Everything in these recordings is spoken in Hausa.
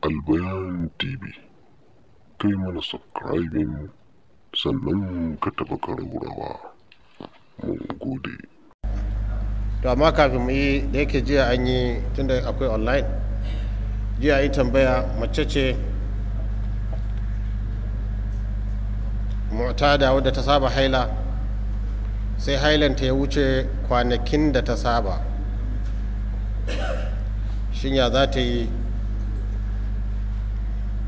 albayan tv kai mana subscribing sannan ka taɓa karaurawa mun gode to amma kafin mu yi da yake jiya an yi tunda akwai online jiya yi tambaya mace ce mota mu'tada wadda ta saba haila sai hailanta ya wuce kwanakin da ta saba shinya ya za ta yi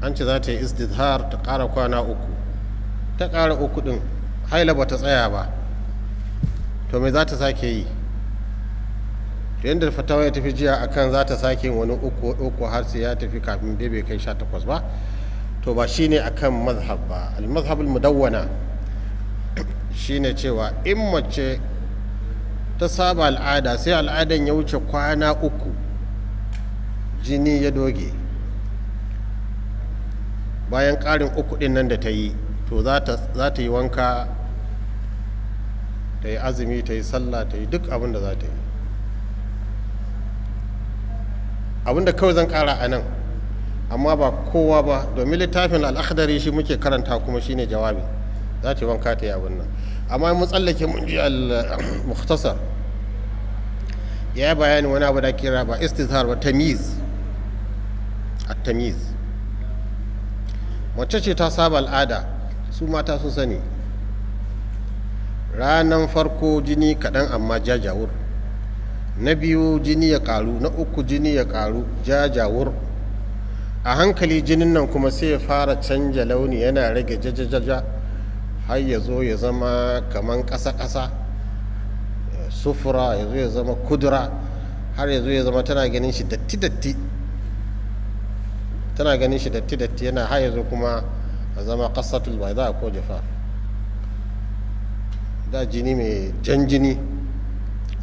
an ce za ta yi istihar ta ƙara kwana uku ta ƙara uku ɗin haila ba ta tsaya ba to me za ta sake yi to yadda fatawa ya tafi jiya a kan za ta sake wani uku uku har sai ya tafi kafin bai kai sha takwas ba to ba a kan mazhab ba almazhabul mazhab shi ne cewa in mace ta saba al'ada sai al'adan ya wuce kwana uku jini ya doge bayan ƙarin uku ɗin nan da ta yi to za ta yi wanka ta yi azumi ta yi sallah ta yi duk abin da za ta yi abin da kawai zan ƙara a nan amma ba kowa ba domin littafin al'akhdari shi muke karanta kuma shine jawabi za ta yi wanka ta yi abin nan amma mun tsallake mun ji al-mukhtasar ya yi bayani wani abu da kira ba istizhar ba tamiz at-tamiz mace ce ta saba al'ada su mata sun sani ranan farko jini kaɗan amma jajawur na biyu jini ya ƙaru na uku jini ya ƙaru jajawur a hankali jinin nan kuma sai ya fara canja launi yana rage jajajaja har ya zo ya zama kaman ƙasa-ƙasa sufura ya zo ya zama kudura har ya zo ya zama tana ganin shi datti-datti tana ganin shi datti datti yana har yanzu kuma a zama za a ko fa. da jini mai jan jini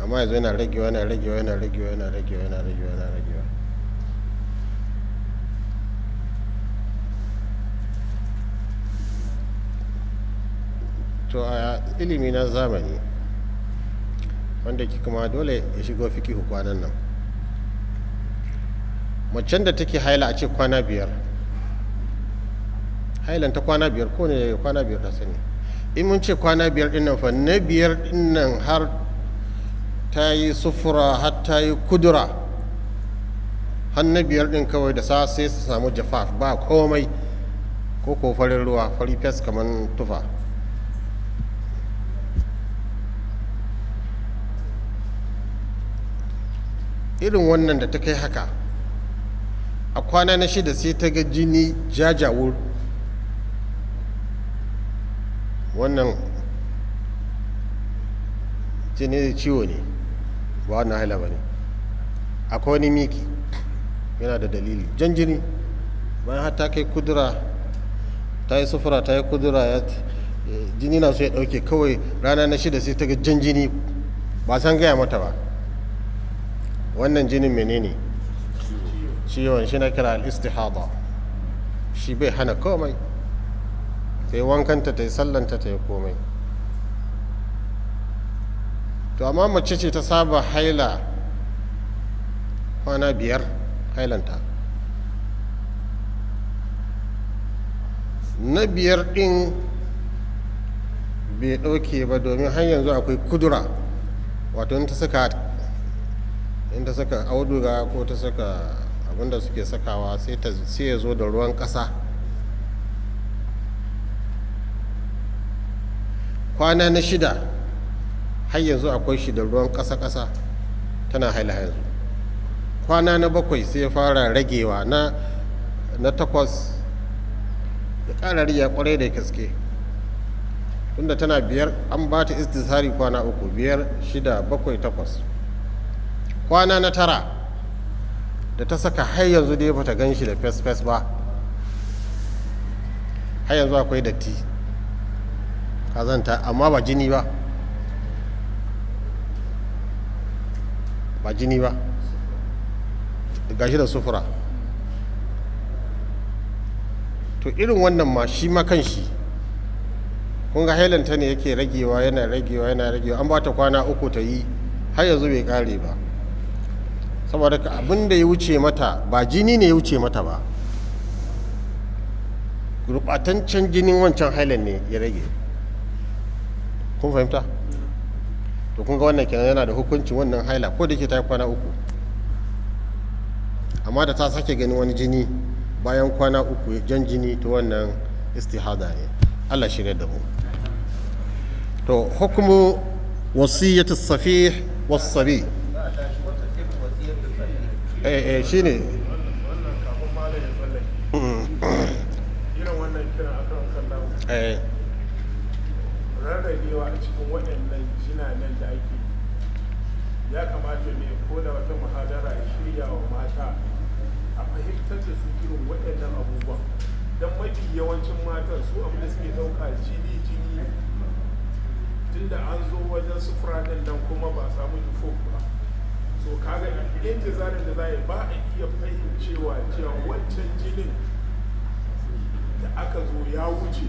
amma yanzu yana ragewa yana ragewa yana ragewa yana ragewa yana ragewa yana ragewa to a ilimi na zamani wanda ki kuma dole ya shigo fiki kwanan nan macen da take haila a ce kwana biyar hailan ta kwana biyar ko ne kwana biyar ta sani in mun ce kwana biyar dinnan fa na biyar dinnan har ta yi sufura har ta yi kudura har na biyar din kawai da sa sai su samu jafaf ba komai ko ko farin ruwa fari fes kamar tufa irin wannan da ta kai haka a kwana na shida sai ta ga jini jajawur wannan jini da ciwo ne ba wannan haila ba ne akwai wani miki yana da dalili jan jini bayan har ta kai kudura ta yi sufura ta yi kudura ya jini na su ya dauke kawai rana na shida sai ta ga jan jini ba san gaya mata ba wannan jinin menene ne ciwon shi na kira al-istihada shi bai hana komai ta wankanta ta yi sallanta ta yi komai to amma mace ce ta saba haila kwana biyar hailanta na biyar ɗin bai ɗauke ba domin har yanzu akwai kudura wato in ta saka auduga ko ta saka wanda suke sakawa sai ya zo da ruwan ƙasa kwana na shida har yanzu akwai shi da ruwan ƙasa-ƙasa tana haila yanzu kwana na bakwai sai ya fara ragewa na na takwas ya ƙara riya kwarai da gaske tunda tana biyar an ba ta istisari kwana uku biyar shida bakwai takwas kwana na tara da ta saka har yanzu dai bata gan shi da fes-fes ba har yanzu akwai datti kazanta amma ba jini ba ba jini ba gashi da sufura to irin wannan ma shi ma kan shi kun ga hailanta ne yake ragewa yana ragewa yana ragewa an ba ta kwana uku ta yi har yanzu bai kare ba saboda abin da ya wuce mata ba jini ne ya wuce mata ba gurɓatancen jinin wancan hailan ne ya rage kun fahimta to kun ga wannan kenan yana da hukuncin wannan haila ko da ke ta kwana uku amma da ta sake ganin wani jini bayan kwana uku jan jini ta wannan istihada ne allah shirya da mu to hukumu wasiyyatu safih was-sabi eh eh shine eh rarrabewa a cikin waɗannan jinanen da ake ya kamata ne ko da wata muhadara ya shirya wa mata a fahimtar da su irin waɗannan abubuwan don mafi yawancin matan su abin da suke ɗauka jini jini tunda an zo wajen sufura nan kuma ba samu ifo ba zarin da za a yi ba a iya fahimcewa cewa wancan jinin da aka zo ya wuce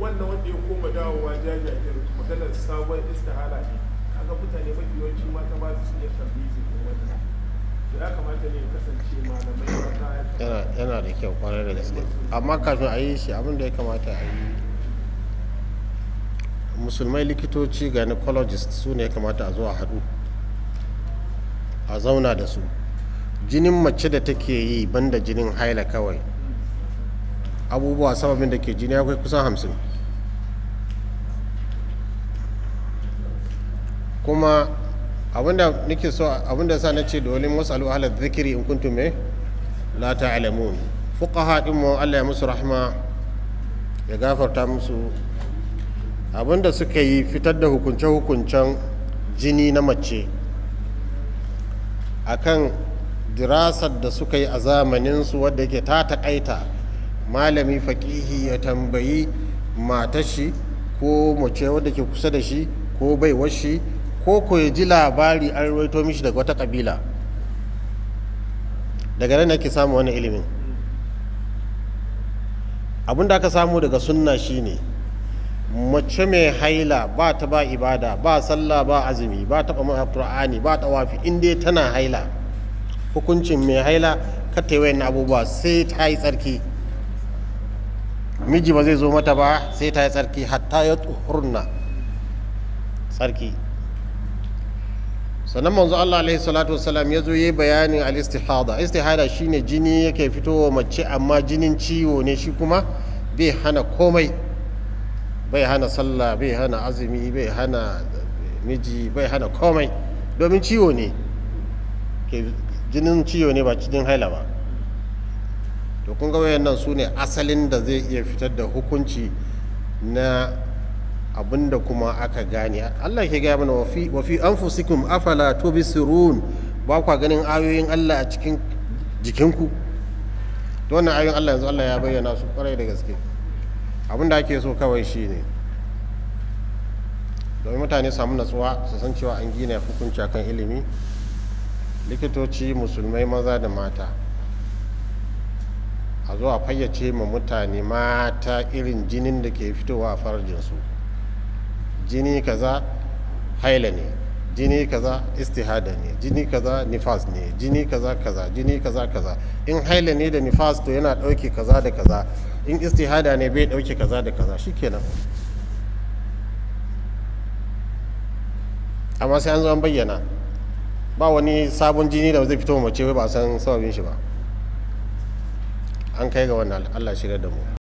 wannan wanda ya koma dawowa jajajen maganar sabon istihara ne kaga mutane mafi yawanci mata ba su iya tambizi ne wannan ya kamata ne kasance malamai yana yana da kyau kwarai da gaske amma kafin a yi shi abin da ya kamata a yi musulmai likitoci gynecologist su ne ya kamata a zuwa haɗu a zauna da su jinin mace da take yi banda jinin haila kawai abubuwa sababin da ke jini akwai kusan hamsin kuma abinda nake so abinda sa na ce dole masalu ahla zikiri in kuntu me la ta'lamun fuqaha din mu Allah ya musu rahma ya gafarta musu abinda suka yi fitar da hukunce hukuncen jini na mace akan dirasar da suka yi a zamaninsu wadda ke ta taƙaita malami faƙihi ya tambayi shi ko mace wadda ke kusa da shi ko bai shi ko ko ya ji labari an ruwaito mishi daga wata ƙabila daga nan ake samu wani ilimin abin da aka samu daga sunna shine ne mace mai haila ba ta ba ibada ba sallah ba azumi ba ta ba qur'ani ba ta wafi in dai tana haila hukuncin mai haila ka ta yi abubuwa sai ta yi tsarki miji ba zai zo mata ba sai ta yi tsarki hatta ya tsohurna tsarki sannan manzo Allah alaihi salatu wasalam ya zo yi bayanin al-istihada istihada shine jini yake fitowa mace amma jinin ciwo ne shi kuma bai hana komai bai hana sallah bai hana azumi bai hana miji bai hana komai domin ciwo ne jinin ciwo ne ba cikin haila ba to kun ga wayannan su ne asalin da zai iya fitar da hukunci na da kuma aka gane Allah ke gaya mana wa fi anfusikum afala tubsirun ba kwa ganin ayoyin Allah a cikin jikinku to wannan ayoyin Allah yanzu Allah ya bayyana su kwarai da gaske abin da ake so kawai shi ne domin mutane samu natsuwa su san cewa an gina hukunci kan ilimi likitoci musulmai maza da mata a zo a fayyace ma mutane mata irin jinin da ke fitowa a farjinsu jini kaza haila ne jini kaza istihada ne jini kaza nifas ne jini kaza kaza jini kaza kaza in haila ne da nifas to yana ɗauke kaza da kaza in istihada ne bai dauke kaza da kaza shikenan amma sai an zo an bayyana ba wani sabon jini da zai fito mace ba san sababin shi ba an kai ga wannan Allah shirya da mu